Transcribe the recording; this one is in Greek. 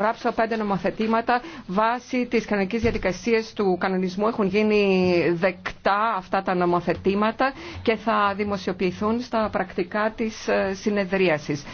γράψω πέντε νομοθετήματα βάσει της κανονική διαδικασία του κανονισμού έχουν γίνει δεκτά αυτά τα νομοθετήματα και θα δημοσιοποιηθούν στα πρακτικά της ε, συνεδρίασης.